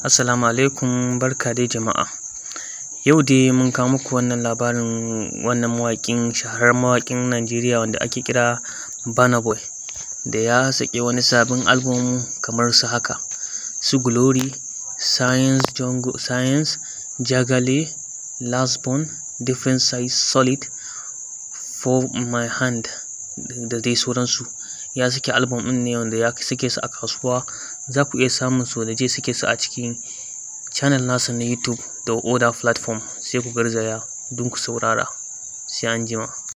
Assalamu alaikum barka dai jama'a yau dai mun kawo muku wannan labarin wannan mawaƙin shahararren mawaƙin Najeriya wanda ake kira bana Boy da ya saki wani sabon album kamar su haka su Glory, Science Jungle, Science, Jagale, Last Bone Different Size, Solid, For My Hand da dai sauransu. ya saki album ɗin ne wanda ya sake su a kasuwa za ku iya samun su da je sake su a cikin channel nasa na YouTube da oda platform sai ku garzaya don ku saurara sai anjima.